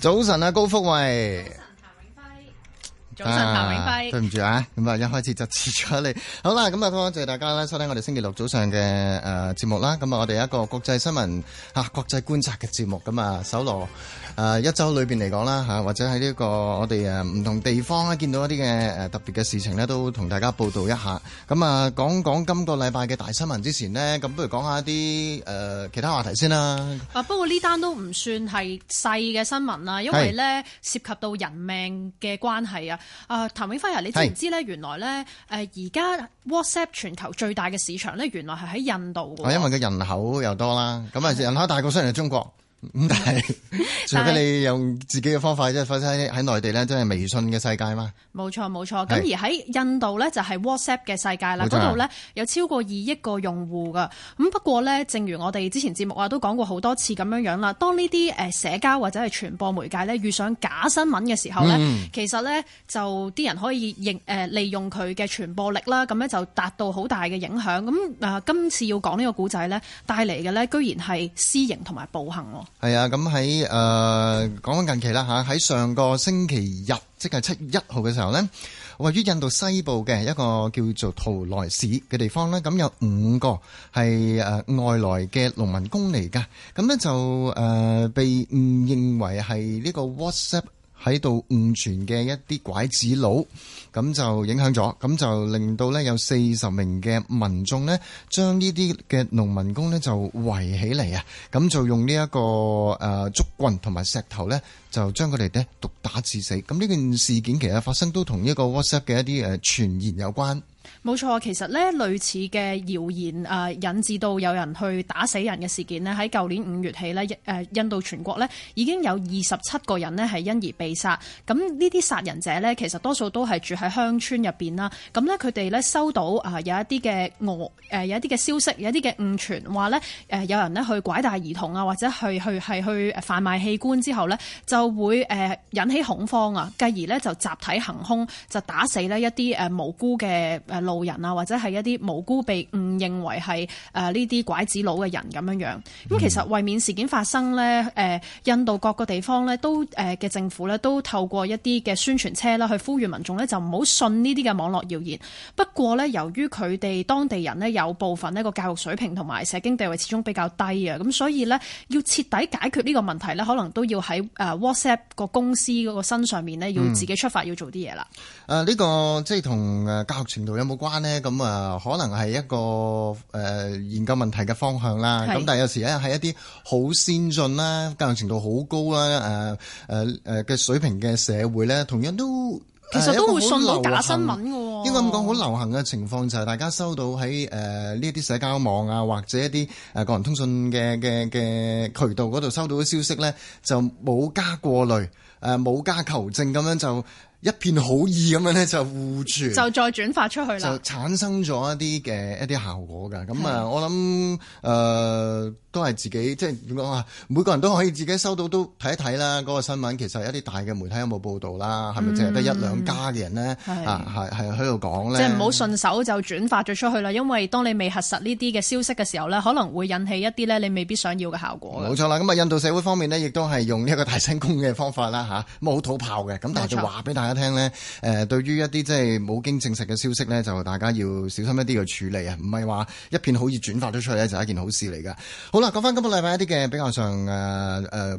早晨啊，高福慧。早晨，永輝、啊，對唔住啊，咁啊一開始就遲咗你。好啦，咁啊多謝大家咧收聽我哋星期六早上嘅誒節目啦。咁啊，我哋一個國際新聞吓、啊、國際觀察嘅節目咁啊，搜羅誒一周裏邊嚟講啦吓，或者喺呢個我哋誒唔同地方咧見到一啲嘅誒特別嘅事情咧，都同大家報道一下。咁啊，講講今個禮拜嘅大新聞之前呢，咁不如講下一啲誒、呃、其他話題先啦。啊，不過呢單都唔算係細嘅新聞啦，因為咧涉及到人命嘅關係啊。啊、呃，譚永輝啊，你知唔知咧？原來咧，誒而家 WhatsApp 全球最大嘅市場咧，原來係喺印度喎。因為佢人口又多啦，咁啊人口大過雖然係中國。咁但係，除非你用自己嘅方法，即係發生喺內地咧，即係微信嘅世界嘛。冇錯冇錯。咁而喺印度咧，就係 WhatsApp 嘅世界啦。嗰度咧有超過二億個用戶噶。咁不過咧，正如我哋之前節目啊都講過好多次咁樣樣啦。當呢啲誒社交或者係傳播媒介咧遇上假新聞嘅時候咧、嗯，其實咧就啲人可以誒利用佢嘅傳播力啦，咁咧就達到好大嘅影響。咁啊，今次要講呢個古仔咧，帶嚟嘅咧，居然係私刑同埋暴行喎。係啊，咁喺誒講緊近期啦吓，喺上個星期日，即係七月一號嘅時候呢，位於印度西部嘅一個叫做圖萊市嘅地方呢，咁有五個係誒外來嘅農民工嚟噶，咁呢就誒被誤認為係呢個 WhatsApp。喺度誤傳嘅一啲拐子佬，咁就影響咗，咁就令到咧有四十名嘅民眾咧，將呢啲嘅農民工咧就圍起嚟啊，咁就用呢一個誒竹棍同埋石頭咧，就將佢哋咧毒打致死。咁呢件事件其實發生都同一個 WhatsApp 嘅一啲誒傳言有關。冇錯，其實呢類似嘅謠言誒引致到有人去打死人嘅事件呢，喺舊年五月起呢誒印度全國呢已經有二十七個人呢係因而被殺。咁呢啲殺人者呢，其實多數都係住喺鄉村入面啦。咁呢，佢哋呢收到啊有一啲嘅俄誒有一啲嘅消息，有一啲嘅誤傳話呢，誒有人呢去拐帶兒童啊，或者去去係去販賣器官之後呢，就會誒引起恐慌啊，繼而呢，就集體行凶，就打死呢一啲誒無辜嘅路人啊，或者係一啲無辜被誤認為係誒呢啲拐子佬嘅人咁樣樣。咁其實為免事件發生呢，誒印度各個地方呢，都誒嘅政府呢，都透過一啲嘅宣傳車啦，去呼籲民眾呢，就唔好信呢啲嘅網絡謠言。不過呢，由於佢哋當地人呢，有部分呢個教育水平同埋社經地位始終比較低啊，咁所以呢，要徹底解決呢個問題呢，可能都要喺誒 WhatsApp 個公司嗰個身上面呢，要自己出發、嗯、要做啲嘢啦。誒、呃、呢、呢個即係同誒教育程度有冇關呢？咁啊，可能係一個誒、呃、研究問題嘅方向啦。咁但係有時咧，喺一啲好先進啦、教育程度好高啦、誒誒誒嘅水平嘅社會咧，同樣都其實都會信到假新聞嘅、哦。應該咁講，好流行嘅情況就係大家收到喺誒呢啲社交網啊，或者一啲誒個人通訊嘅嘅嘅渠道嗰度收到嘅消息咧，就冇加過濾，誒、呃、冇加求證，咁樣就。一片好意咁樣咧，就互住， 就再轉發出去啦，就產生咗一啲嘅、呃、一啲效果㗎。咁啊， 我諗誒、呃、都係自己，即係點講啊？每個人都可以自己收到都睇一睇啦。嗰、嗰個新聞其實一啲大嘅媒體有冇報導啦？係咪淨係得一兩家嘅人咧？ 啊，係係喺度講咧，即係唔好順手就轉發咗出去啦。因為當你未核實呢啲嘅消息嘅時候咧，可能會引起一啲咧你未必想要嘅效果。冇錯啦。咁啊，印度社會方面呢，亦都係用呢一個大聲公嘅方法啦，吓、啊，咁好土炮嘅。咁但係就話俾大家。 大家聽咧，對於一啲即係冇經證實嘅消息咧，就大家要小心一啲嘅處理啊！唔係話一片好意轉發咗出去咧，就係一件好事嚟噶。好啦，講翻今個禮拜一啲嘅比較上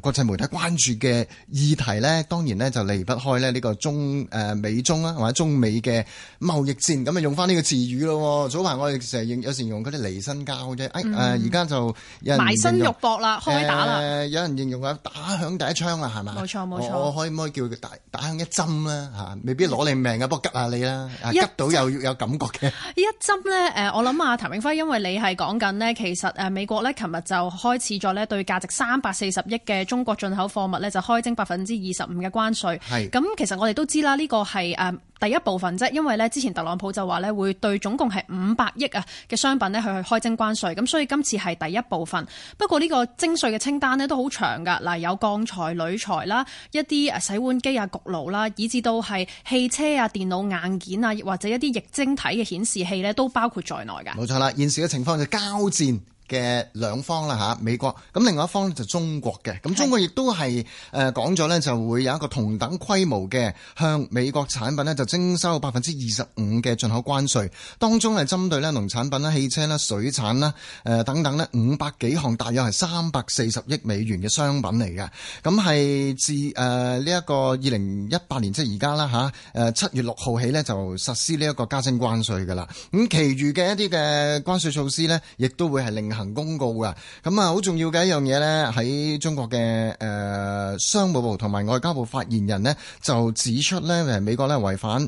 國際媒體關注嘅議題咧，當然咧就離不開咧呢個中美中啦，或者中美嘅貿易戰咁啊，用翻呢個詞語咯。早排我哋成日有時用嗰啲離身膠啫。哎、嗯，而、啊、家就有人埋身肉搏啦，開打啦、呃。有人形容啊，打響第一槍啊，係嘛？冇錯冇錯。錯我可唔可以叫佢打打響一針咧、啊？未必攞你命啊，不過吉下你啦，吉到又要感覺嘅。一針呢，誒，我諗啊，譚永輝，因為你係講緊呢。其實誒，美國呢，琴日就開始咗呢對價值三百四十億嘅中國進口貨物呢，就開徵百分之二十五嘅關稅。咁其實我哋都知啦，呢個係誒第一部分啫，因為呢，之前特朗普就話呢，會對總共係五百億啊嘅商品呢去開徵關稅，咁所以今次係第一部分。不過呢個徵稅嘅清單呢，都好長噶，嗱，有鋼材、鋁材啦，一啲洗碗機啊、焗爐啦，以至……到。都、就、係、是、汽車啊、電腦硬件啊，或者一啲液晶體嘅顯示器呢，都包括在內嘅。冇錯啦，現時嘅情況就交戰嘅兩方啦嚇，美國，咁另外一方就中國嘅，咁中國亦都係誒講咗呢，就會有一個同等規模嘅向美國產品呢就徵收百分之二十五嘅進口關稅，當中係針對呢農產品啦、汽車啦、水產啦、誒等等呢五百幾項，大約係三百四十億美元嘅商品嚟嘅，咁係自誒呢一個二零一八年即係而家啦嚇，誒七月六號起呢，就實施呢一個加徵關稅㗎啦，咁其餘嘅一啲嘅關稅措施呢，亦都會係令行公告嘅咁啊，好重要嘅一樣嘢咧，喺中國嘅誒、呃、商務部同埋外交部發言人呢，就指出咧，誒美國咧違反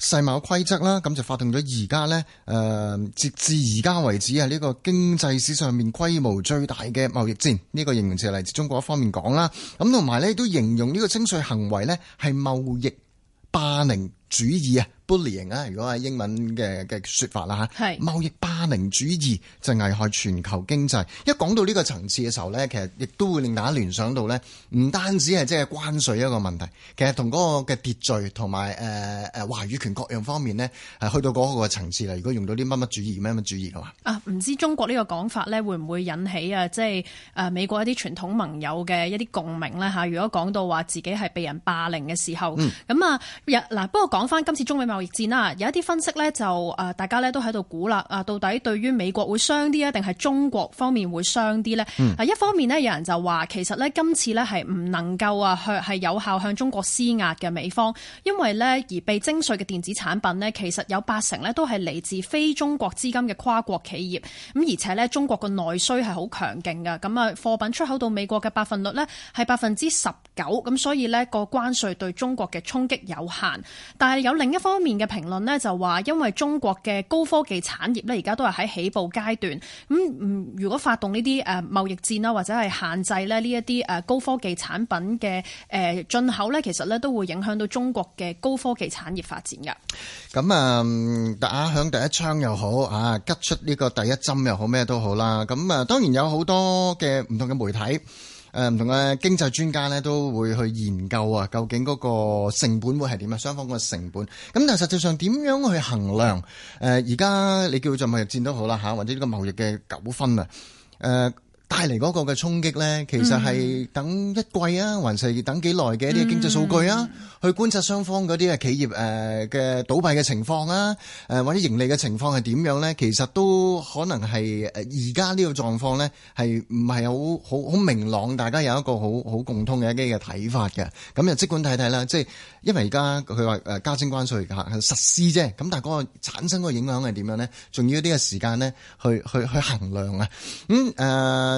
世貿規則啦，咁就發動咗而家咧誒，截、呃、至而家為止啊，呢、呢個經濟史上面規模最大嘅貿易戰，呢、呢個形容詞係嚟自中國一方面講啦，咁同埋咧都形容呢個徵稅行為咧係貿易霸凌主義啊！Bullying 啊，如果係英文嘅嘅說法啦嚇，係貿易霸凌主義就危害全球經濟。一講到呢個層次嘅時候咧，其實亦都會令大家聯想到咧，唔單止係即係關稅一個問題，其實同嗰個嘅秩序同埋誒誒話語權各樣方面呢，誒去到嗰個層次啦。如果用到啲乜乜主義、乜乜主義嘅話，啊唔知中國呢個講法咧，會唔會引起啊即係誒美國一啲傳統盟友嘅一啲共鳴咧嚇？如果講到話自己係被人霸凌嘅時候，咁啊嗱，不過講翻今次中美貿戰啦，有一啲分析咧就誒，大家咧都喺度估啦，啊到底對於美國會傷啲啊，定係中國方面會傷啲呢？啊、嗯、一方面呢，有人就話，其實呢，今次呢係唔能夠啊向係有效向中國施壓嘅美方，因為呢而被徵稅嘅電子產品呢，其實有八成呢都係嚟自非中國資金嘅跨國企業，咁而且呢，中國個內需係好強勁噶，咁啊貨品出口到美國嘅百分率呢係百分之十九，咁所以呢，個關稅對中國嘅衝擊有限，但係有另一方面。嘅評論呢，就話，因為中國嘅高科技產業呢，而家都係喺起步階段，咁唔如果發動呢啲誒貿易戰啦，或者係限制咧呢一啲誒高科技產品嘅誒進口呢，其實呢都會影響到中國嘅高科技產業發展㗎。咁啊，打響第一槍又好啊，拮出呢個第一針又好咩都好啦。咁啊，當然有好多嘅唔同嘅媒體。誒唔同嘅經濟專家呢都會去研究啊，究竟嗰個成本會係點啊？雙方個成本咁，但係實際上點樣去衡量？誒、呃，而家你叫做貿易戰都好啦吓，或者呢個貿易嘅糾紛啊，誒帶嚟嗰個嘅衝擊咧，其實係等一季啊，還是等幾耐嘅一啲經濟數據啊？嗯嗯嗯去觀察雙方嗰啲嘅企業誒嘅倒閉嘅情況啊，誒或者盈利嘅情況係點樣咧？其實都可能係而家呢個狀況咧，係唔係好好好明朗？大家有一個好好共通嘅一啲嘅睇法嘅。咁就即管睇睇啦，即係因為而家佢話誒加徵關稅嚇實施啫，咁但係嗰個產生嗰個影響係點樣咧？仲要啲嘅時間咧去去去衡量啊。嗯呃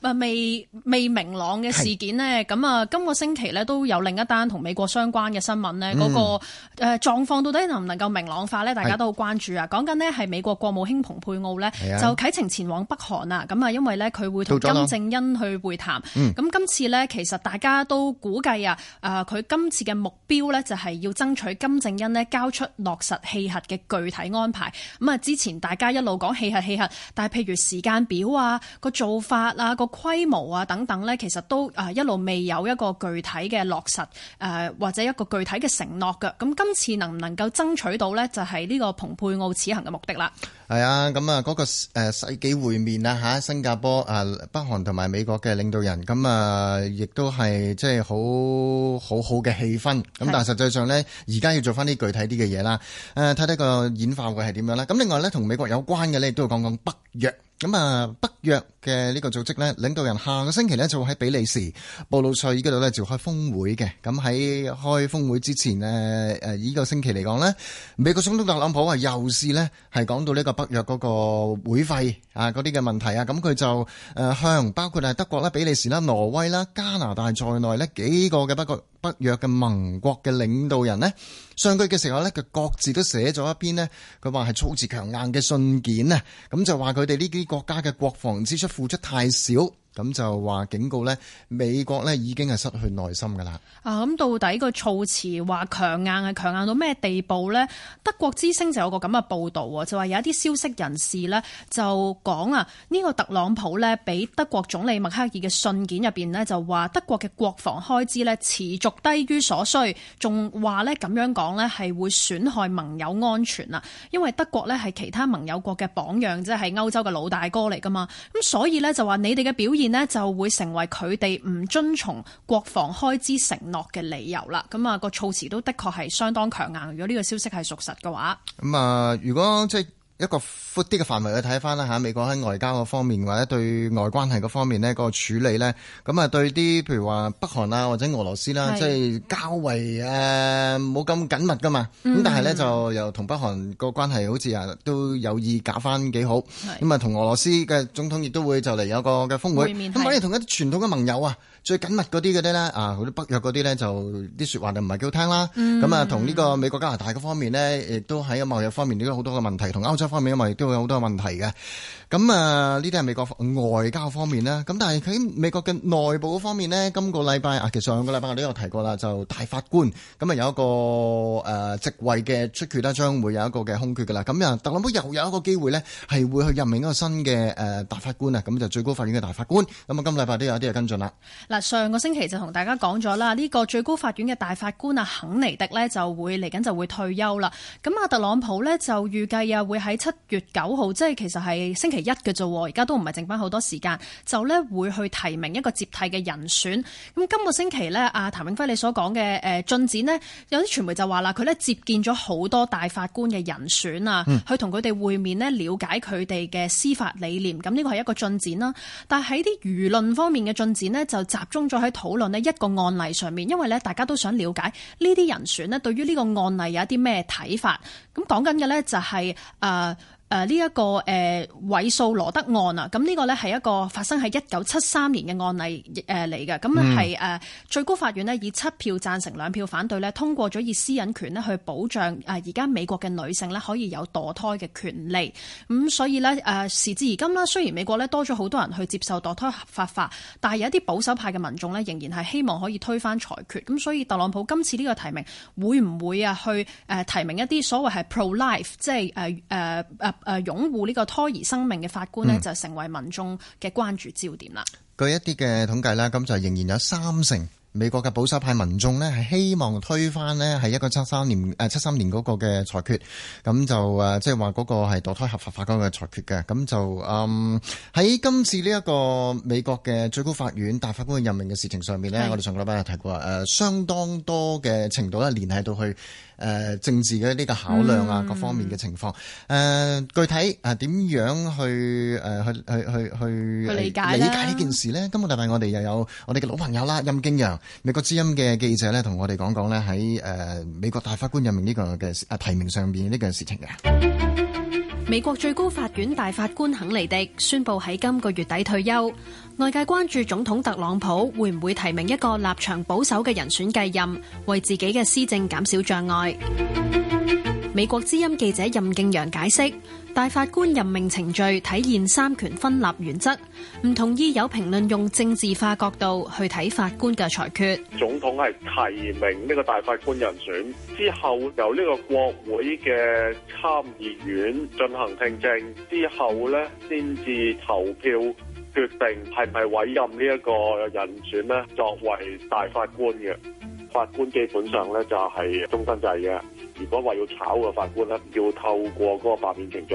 啊，未未明朗嘅事件呢，咁啊，今個星期呢，都有另一單同美國相關嘅新聞呢。嗰、嗯那個誒狀況到底能唔能夠明朗化呢？大家都好關注啊。講緊呢，係美國國務卿蓬佩奧呢，就啟程前往北韓啊。咁啊，因為呢，佢會同金正恩去會談。咁今次呢，其實大家都估計啊，誒佢今次嘅目標呢，就係要爭取金正恩呢，交出落實棄核嘅具體安排。咁啊，之前大家一路講棄核棄核，但係譬如時間表啊，個做法啊。個規模啊，等等呢，其實都啊一路未有一個具體嘅落實，誒、呃、或者一個具體嘅承諾嘅。咁今次能唔能夠爭取到呢？就係呢個蓬佩奧此行嘅目的啦。係啊，咁啊嗰個誒世紀會面啊吓，新加坡啊、北韓同埋美國嘅領導人，咁啊亦都係即係好好好嘅氣氛。咁但係實際上呢，而家要做翻啲具體啲嘅嘢啦。誒睇睇個演化會係點樣啦。咁另外呢，同美國有關嘅呢，都要講講北約。咁啊，北約嘅呢個組織咧，領導人下個星期咧就會喺比利時布魯塞爾嗰度咧召開峯會嘅。咁喺開峯會之前咧，誒呢個星期嚟講咧，美國總統特朗普啊，又試咧係講到呢個北約嗰個會費啊嗰啲嘅問題啊。咁佢就誒向包括係德國啦、比利時啦、挪威啦、加拿大在內咧幾個嘅北約，北約嘅盟國嘅領導人呢，上去嘅時候咧，佢各自都寫咗一篇呢，佢話係措詞強硬嘅信件啊，咁就話佢哋呢啲國家嘅國防支出付出太少。咁就話警告呢，美國呢已經係失去耐心噶啦。啊，咁到底個措辭話強硬係強硬到咩地步呢？德國之聲就有個咁嘅報導喎，就話有一啲消息人士呢就講啊，呢個特朗普呢俾德國總理默克爾嘅信件入面呢，就話德國嘅國防開支呢持續低於所需，仲話呢，咁樣講呢係會損害盟友安全啦。因為德國呢係其他盟友國嘅榜樣，即係歐洲嘅老大哥嚟噶嘛。咁所以呢，就話你哋嘅表現呢就會成為佢哋唔遵從國防開支承諾嘅理由啦。咁啊，個措辭都的確係相當強硬。如果呢個消息係屬實嘅話，咁、嗯、啊、呃，如果即係一個闊啲嘅範圍去睇翻啦吓，美國喺外交方面或者對外關係方面呢個處理呢，咁啊對啲譬如話北韓啦或者俄羅斯啦，即係較為冇咁、呃、緊密噶嘛。咁、嗯、但係呢，就又同北韓個關係好似啊都有意搞翻幾好，咁啊同俄羅斯嘅總統亦都會就嚟有個嘅峰會，咁以同一啲傳統嘅盟友啊。最緊密嗰啲嗰啲咧，啊，好多北約嗰啲咧，就啲説話就唔係幾好聽啦。咁啊，同呢個美國加拿大嗰方面咧，亦都喺貿易方面都有好多嘅問題，同歐洲方面因為，亦都有好多嘅問題嘅。咁啊，呢啲係美國外交方面啦。咁但係喺美國嘅內部嗰方面咧，今個禮拜啊，其實上個禮拜我都有提過啦，就大法官咁啊有一個誒職位嘅出缺啦，將會有一個嘅空缺噶啦。咁啊，特朗普又有一個機會咧，係會去任命一個新嘅誒大法官啊。咁就最高法院嘅大法官。咁啊，今禮拜都有啲嘢跟進啦。嗱。上個星期就同大家講咗啦，呢個最高法院嘅大法官啊，肯尼迪呢就會嚟緊就會退休啦。咁啊，特朗普呢，就預計啊會喺七月九號，即係其實係星期一嘅啫，而家都唔係剩翻好多時間，就呢會去提名一個接替嘅人選。咁今個星期呢，阿譚永輝你所講嘅誒進展呢，有啲傳媒就話啦，佢呢接見咗好多大法官嘅人選啊、嗯，去同佢哋會面呢，了解佢哋嘅司法理念。咁呢個係一個進展啦，但係喺啲輿論方面嘅進展呢，就集中咗喺討論呢一個案例上面，因為咧大家都想了解呢啲人選咧對於呢個案例有一啲咩睇法。咁講緊嘅咧就係誒。呃誒呢一個誒韋素羅德案啊，咁、這、呢個呢，係一個發生喺一九七三年嘅案例誒嚟嘅，咁係係最高法院呢，以七票贊成兩票反對呢通過咗以私隱權呢去保障誒而家美國嘅女性呢可以有墮胎嘅權利，咁、嗯、所以呢，誒、呃、時至而今啦，雖然美國呢多咗好多人去接受墮胎合法化，但係有一啲保守派嘅民眾呢，仍然係希望可以推翻裁決，咁所以特朗普今次呢個提名會唔會啊去提名一啲所謂係 pro-life，即係誒、呃呃誒，擁護呢個胎兒生命嘅法官呢，就成為民眾嘅關注焦點啦，嗯。據一啲嘅統計啦，咁就仍然有三成美國嘅保守派民眾呢，係希望推翻呢係一個七三年誒、呃、七三年嗰個嘅裁決。咁就誒即係話嗰個係墮胎合法化嗰個裁決嘅。咁就嗯喺今次呢一個美國嘅最高法院大法官嘅任命嘅事情上面呢，我哋上個禮拜又提過誒、呃，相當多嘅程度咧，聯繫到去。誒、呃、政治嘅呢個考量啊，各方面嘅情況誒、嗯呃，具體誒點、呃、樣去誒、呃、去去去、呃、去理解呢件事咧？今個禮拜我哋又有我哋嘅老朋友啦、啊，任敬揚，美國之音嘅記者咧，同我哋講講咧喺誒美國大法官任命呢個嘅提名上面呢個事情嘅、啊。美國最高法院大法官肯尼迪宣布喺今個月底退休，外界關注總統特朗普會唔會提名一個立場保守嘅人選繼任，為自己嘅施政減少障礙。美國之音記者任敬揚解釋，大法官任命程序體現三權分立原則，唔同意有評論用政治化角度去睇法官嘅裁決。總統係提名呢個大法官人選之後，由呢個國會嘅參議院進行聽證之後咧，先至投票決定係唔係委任呢一個人選呢，作為大法官嘅法官，基本上咧就係終身制嘅。如果話要炒個法官咧，要透過嗰個罷免程序。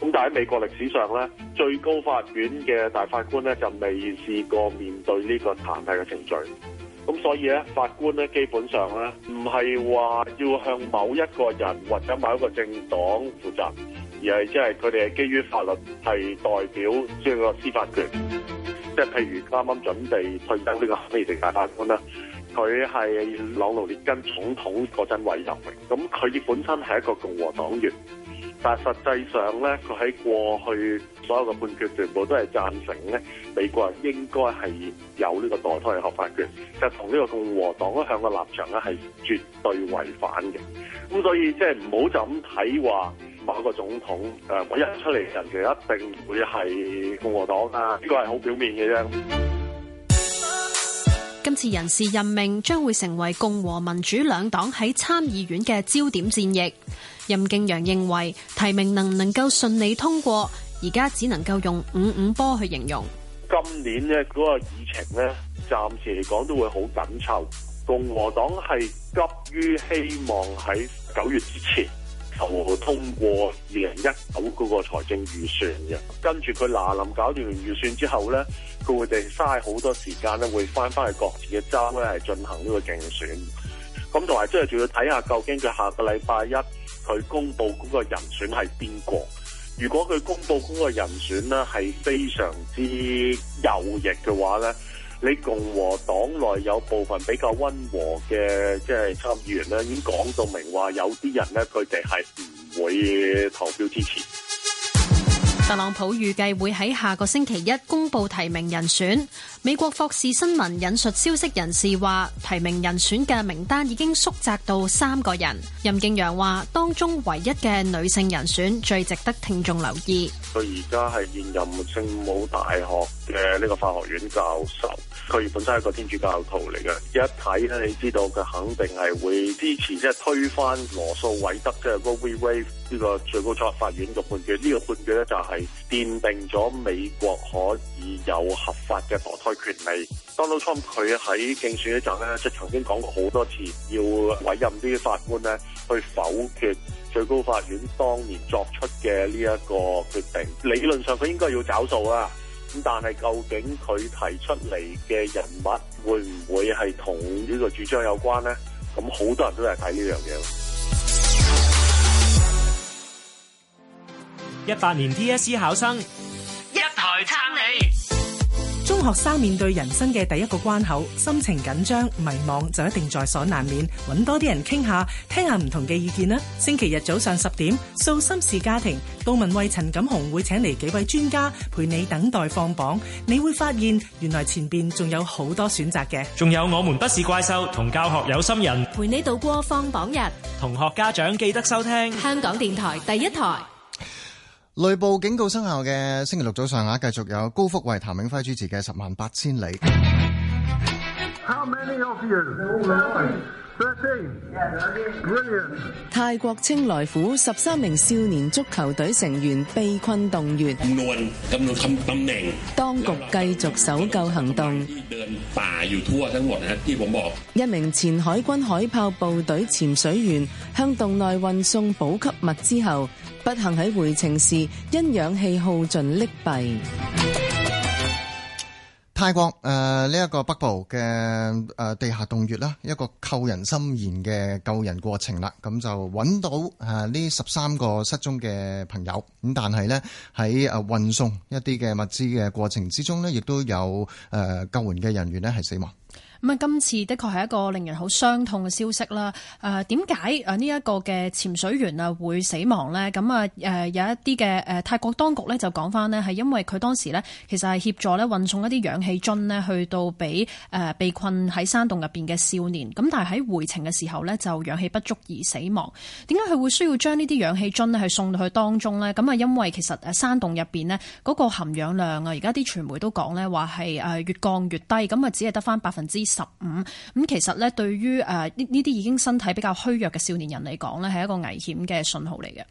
咁但喺美國歷史上咧，最高法院嘅大法官咧就未試過面對呢個罷免嘅程序。咁所以咧，法官咧基本上咧，唔係話要向某一個人或者某一個政黨負責，而係即係佢哋係基於法律係代表即係個司法權。即係譬如啱啱準備退休呢個威奇大法官啦。佢係朗奴列根總統嗰陣委任，咁佢本身係一個共和黨員，但實際上咧，佢喺過去所有嘅判決全部都係贊成咧，美國人應該係有呢個墮胎嘅合法權，就同、是、呢個共和黨一向嘅立場咧係絕對違反嘅。咁所以即係唔好就咁睇話，某一個總統誒，我、呃、一出嚟人其實一定會係共和黨啊，呢個係好表面嘅啫。今次人事任命將會成為共和民主兩黨喺參議院嘅焦點戰役。任敬陽認為提名能唔能夠順利通過，而家只能夠用五五波去形容。今年呢嗰個議程咧，暫時嚟講都會好緊湊。共和黨係急於希望喺九月之前，就通過二零一九嗰個財政預算嘅。跟住佢嗱，臨搞掂完預算之後咧，佢會哋嘥好多時間咧，會翻返去各自嘅州咧，係進行呢個競選。咁同埋即係仲要睇下究竟佢下個禮拜一佢公布嗰個人選係邊個。如果佢公布嗰個人選咧係非常之右翼嘅話咧。你共和黨內有部分比較温和嘅即係參議員呢，已經講到明話，有啲人咧佢哋係唔會投票支持。特朗普預計會喺下個星期一公佈提名人選。美國《霍士新聞》引述消息人士話，提名人選嘅名單已經縮窄到三個人。任敬揚話，當中唯一嘅女性人選最值得聽眾留意。佢而家係現任聖母大學嘅呢個法學院教授，佢本身係一個天主教徒嚟嘅。一睇咧，你知道佢肯定係會支持，即係推翻羅訴韋德即係 Roe v Wade 呢個最高法院嘅判決。呢個判決咧就係奠定咗美國可以有合法嘅權利。Donald Trump 佢喺競選嗰陣咧，即係曾經講過好多次，要委任啲法官咧去否決最高法院當年作出嘅呢一個決定。理論上佢應該要找數啊，咁但係究竟佢提出嚟嘅人物會唔會係同呢個主張有關咧？咁好多人都係睇呢樣嘢。一八年 TSC 考生。中學生面對人生嘅第一個關口，心情緊張、迷惘，就一定在所難免。揾多啲人傾下，聽下唔同嘅意見啦。星期日早上十點，訴心事家庭，杜雯惠、陳錦雄會請嚟幾位專家陪你等待放榜。你會發現，原來前面仲有好多選擇嘅。仲有，我們不是怪獸同教學有心人陪你度過放榜日。同學家長記得收聽香港電台第一台。雷暴警告生效嘅星期六早上啊，繼續有高福慧、譚永輝主持嘅《十萬八千里》。泰國清萊府十三名少年足球隊成員被困洞穴，當局繼續搜救行動。一名前海軍海豹部隊潛水員向洞內運送補給物之後，不幸喺回程時因氧氣耗盡溺斃。泰國誒呢一個北部嘅誒、呃、地下洞穴啦，一個扣人心弦嘅救人過程啦，咁就揾到啊呢十三個失蹤嘅朋友，咁但係咧喺誒運送一啲嘅物資嘅過程之中咧，亦都有誒、呃、救援嘅人員咧係死亡。咁啊，今次的確係一個令人好傷痛嘅消息啦。誒、呃，點解呢一個嘅潛水員啊會死亡呢？咁、呃、啊有一啲嘅誒泰國當局咧就講翻呢係因為佢當時呢其實係協助呢運送一啲氧氣樽呢去到俾誒、呃、被困喺山洞入面嘅少年。咁但係喺回程嘅時候呢，就氧氣不足而死亡。點解佢會需要將呢啲氧氣樽呢係送到去當中呢？咁啊因為其實山洞入面呢嗰個含氧量啊，而家啲傳媒都講呢話係越降越低。咁啊只係得翻百分之十五。咁，其實咧，對於誒呢呢啲已經身體比較虛弱嘅少年人嚟講咧，係一個危險嘅信號嚟嘅。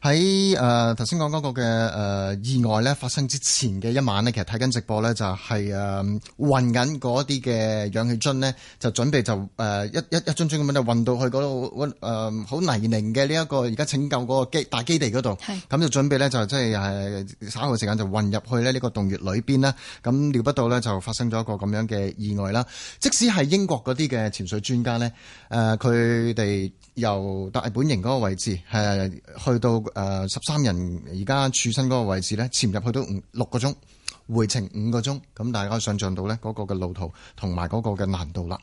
喺誒頭先講嗰個嘅誒、呃、意外咧，發生之前嘅一晚咧，其實睇緊直播咧，就係誒運緊嗰啲嘅氧氣樽咧，就準備就誒、呃、一一一樽樽咁樣就運到去、那、嗰個誒好、呃、泥濘嘅呢一個而家拯救嗰個基大基地嗰度，咁就準備咧就即係誒稍後時間就運入去咧呢個洞穴裏邊啦。咁料不到咧就發生咗一個咁樣嘅意外啦。即使係英國嗰啲嘅潛水專家咧，誒佢哋由大本營嗰個位置係、呃、去到。誒十三人而家處身嗰個位置咧，潛入去都五六個鐘，回程五個鐘，咁大家可以想像到咧嗰個嘅路途同埋嗰個嘅難度啦。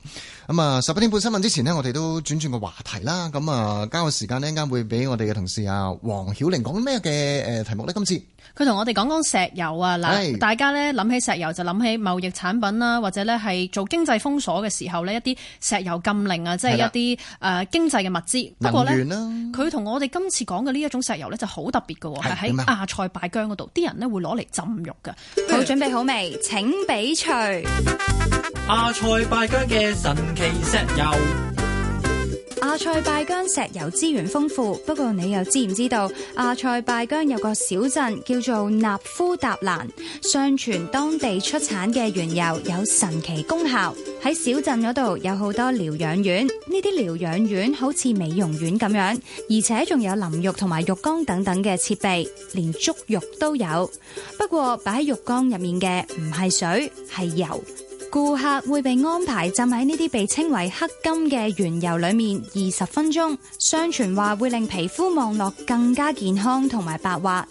咁啊，十一點半新聞之前呢，我哋都轉轉個話題啦。咁啊，交個時間呢，陣間會俾我哋嘅同事啊，黃曉玲講咩嘅誒題目咧？今次。佢同我哋講講石油啊，嗱，大家咧諗起石油就諗起貿易產品啦，或者咧係做經濟封鎖嘅時候咧，一啲石油禁令啊，即係一啲誒經濟嘅物資。不過呢，佢同、能源啦、我哋今次講嘅呢一種石油咧就好特別嘅喎，係喺阿塞拜疆嗰度，啲人咧會攞嚟浸浴㗎。好，準備好未？請比錘。阿塞拜疆嘅神奇石油。阿塞拜疆石油資源豐富，不過你又知唔知道阿塞拜疆有個小鎮叫做納夫達蘭？相傳當地出產嘅原油有神奇功效。喺小鎮嗰度有好多療養院，呢啲療養院好似美容院咁樣，而且仲有淋浴同埋浴缸等等嘅設備，連足浴都有。不過擺喺浴缸入面嘅唔係水，係油。顧客會被安排浸喺呢啲被稱為黑金嘅原油裏面二十分鐘，相傳話會令皮膚望落更加健康同埋白滑。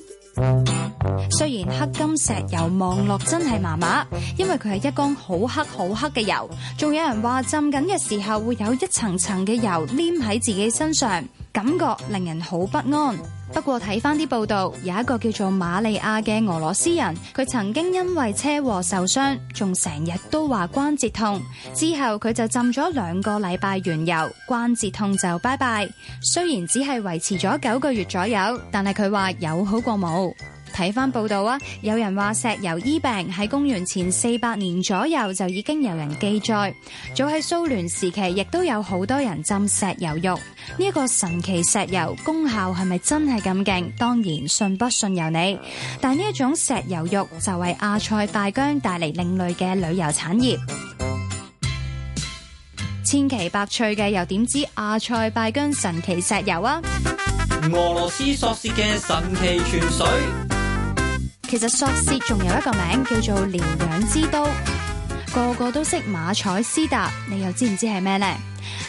雖然黑金石油望落真係麻麻，因為佢係一缸好黑好黑嘅油，仲有人話浸緊嘅時候會有一層層嘅油黏喺自己身上。感覺令人好不安。不過睇翻啲報道，有一個叫做瑪利亞嘅俄羅斯人，佢曾經因為車禍受傷，仲成日都話關節痛。之後佢就浸咗兩個禮拜原油，關節痛就拜拜。雖然只係維持咗九個月左右，但係佢話有好過冇。睇翻報道啊！有人話石油醫病喺公元前四百年左右就已經有人記載，早喺蘇聯時期亦都有好多人浸石油浴。呢、這個神奇石油功效係咪真係咁勁？當然信不信由你。但呢一種石油浴就為阿塞拜疆帶嚟另類嘅旅遊產業，千奇百趣嘅又點知阿塞拜疆神奇石油啊？俄羅斯索士嘅神奇泉水。其實索契仲有一個名叫做療養之都，個個都識馬彩斯達，你又知唔知係咩呢？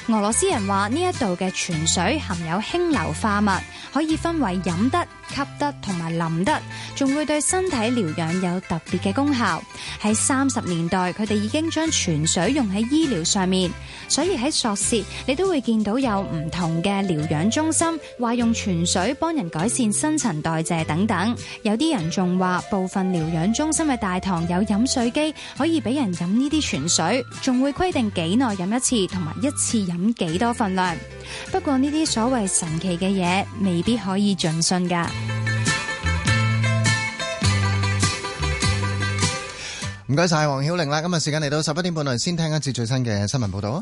俄羅斯人話呢一度嘅泉水含有氫硫化物，可以分為飲得，吸得同埋淋得，仲會對身體療養有特別嘅功效。喺三十年代，佢哋已經將泉水用喺醫療上面，所以喺索士你都會見到有唔同嘅療養中心話用泉水幫人改善新陳代謝等等。有啲人仲話部分療養中心嘅大堂有飲水機可以俾人飲呢啲泉水，仲會規定幾耐飲一次同埋一次飲幾多份量。不過呢啲所謂神奇嘅嘢，未必可以盡信㗎。唔該曬，黃曉玲啦。今日時間嚟到十一點半啦，先聽一次最新嘅新聞報導。